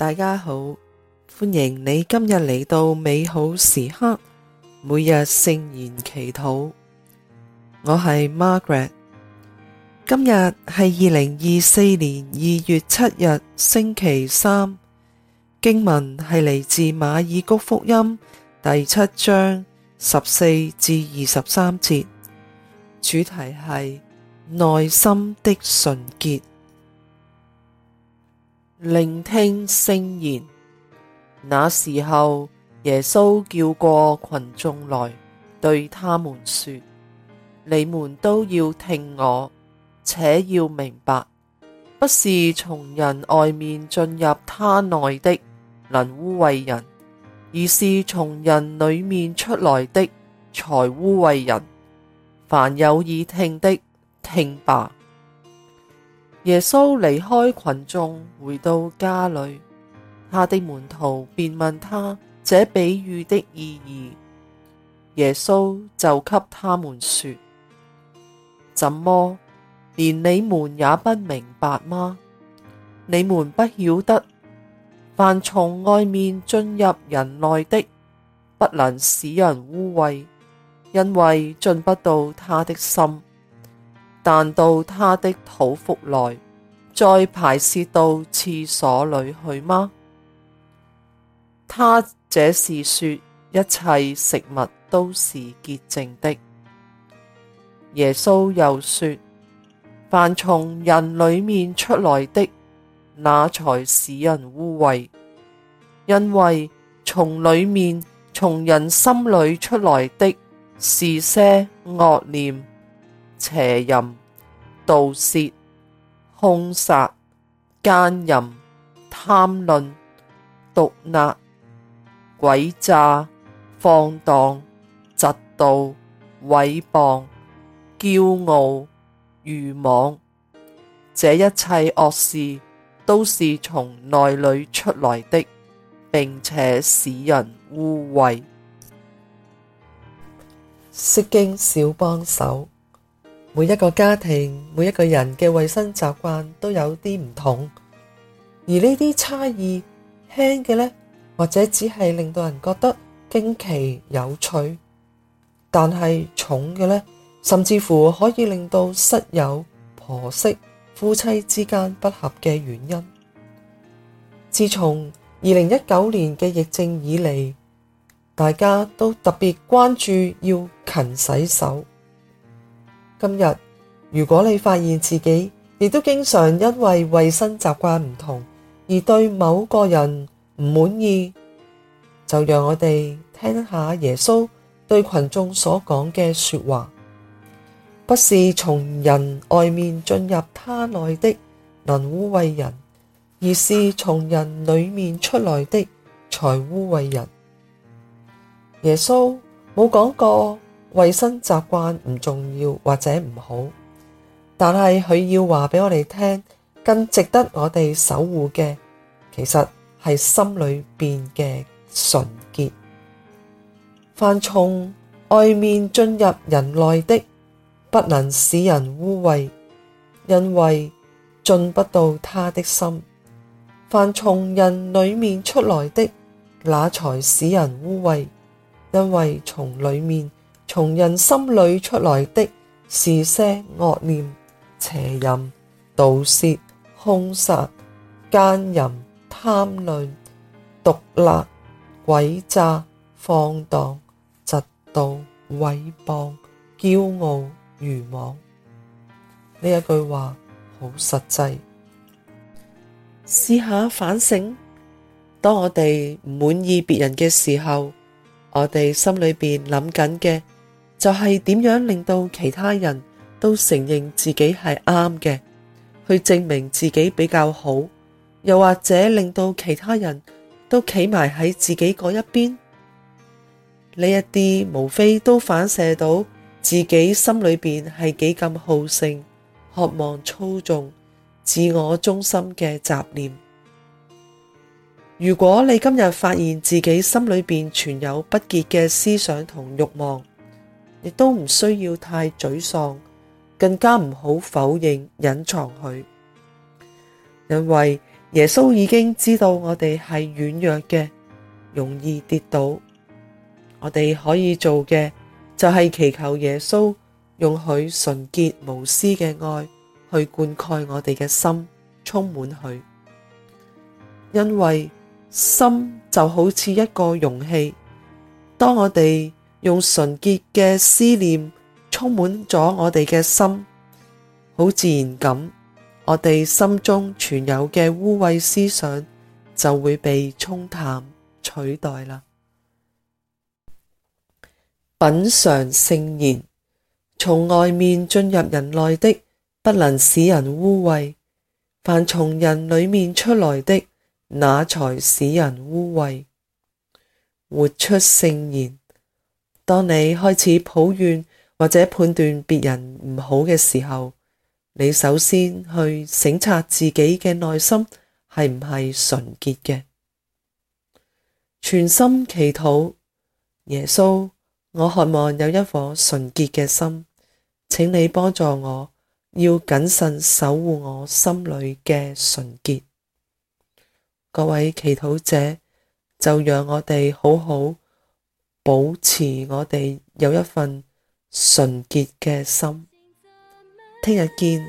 大家好，歡迎你今日嚟到美好時刻，每日聖言祈禱。我係 Margaret，今日係二零二四年二月七日星期三，經文係嚟自馬爾谷福音第七章十四至二十三節，主題係內心的純潔。聆聽聖言，那時候，耶穌叫過群眾來，對他們說：你們都要聽我，且要明白，不是從人外面進入他內的，能污穢人，而是從人裏面出來的纔污穢人。凡有耳聽的，聽吧。耶穌離開群眾，回到家裏，他的門徒便問他這比喻的意義。耶穌就給他們說：怎麼，連你們也不明白嗎？你們不曉得，凡從外面進入人內的，不能使人污穢，因為進不到他的心。但到他的肚腹內，再排泄到廁所裏去嗎？他這是說一切食物都是潔淨的。耶穌又說：凡從人裏面出來的，那才使人污穢，因為從裏面、從人心裏出來的，是些惡念。邪淫、盜竊、兇殺、姦淫、貪吝、毒辣、詭詐、放蕩、嫉妒、毀謗、驕傲、愚妄，這一切惡事都是從內裏出來的，並且使人污穢。釋經小幫手。每一個家庭、每一個人嘅衛生習慣都有啲唔同，而呢啲差異輕嘅呢，或者只係令到人覺得驚奇有趣；但係重嘅呢，甚至乎可以令到室友、婆媳、夫妻之間不合嘅原因。自從二零一九年嘅疫症以嚟，大家都特別關注要勤洗手。今日如果你發現自己亦都經常因為衛生習慣唔同而對某個人唔滿意，就讓我哋聽下耶穌對群眾所講嘅說話。不是從人外面進入他內的能污穢人，而是從人裏面出來的才污穢人。耶穌冇講過衛生習慣唔重要或者唔好，但係佢要話俾我哋聽，更值得我哋守護嘅，其實係心裏面嘅純潔。凡從外面進入人內的，不能使人污穢，因為進不到他的心；凡從人裏面出來的，那才使人污穢，因為從裏面。從人心裏出來的是些惡念、邪淫、盜竊、兇殺、姦淫、貪吝、毒辣、詭詐、放蕩、嫉妒、毀謗、驕傲、愚妄。呢一句話好實際，試下反省。當我哋唔滿意別人嘅時候，我哋心裏邊諗緊嘅。就係點樣令到其他人都承認自己係啱嘅，去證明自己比較好，又或者令到其他人都企埋喺自己嗰一邊，呢一啲無非都反射到自己心裏邊係幾咁好勝、渴望操縱、自我中心嘅雜念。如果你今日發現自己心裏邊存有不潔嘅思想同欲望，亦都唔需要太沮喪，更加唔好否認、隱藏佢，因為耶穌已經知道我哋係軟弱嘅，容易跌倒。我哋可以做嘅就係祈求耶穌用佢純潔無私嘅愛去灌溉我哋嘅心，充滿佢。因為心就好似一個容器，當我哋……用純潔嘅思念充滿咗我哋嘅心，好自然咁，我哋心中存有嘅污穢思想就會被沖淡取代啦。品嘗聖言，從外面進入人內的，不能使人污穢，凡從人裏面出來的那才使人污穢。活出聖言。當你開始抱怨或者判斷別人唔好嘅時候，你首先去省察自己嘅內心係唔係純潔嘅，全心祈禱耶穌，我渴望有一顆純潔嘅心，請你幫助我，要謹慎守護我心裏嘅純潔。各位祈禱者，就讓我哋好好。保持我哋有一份純潔嘅心，聽日見。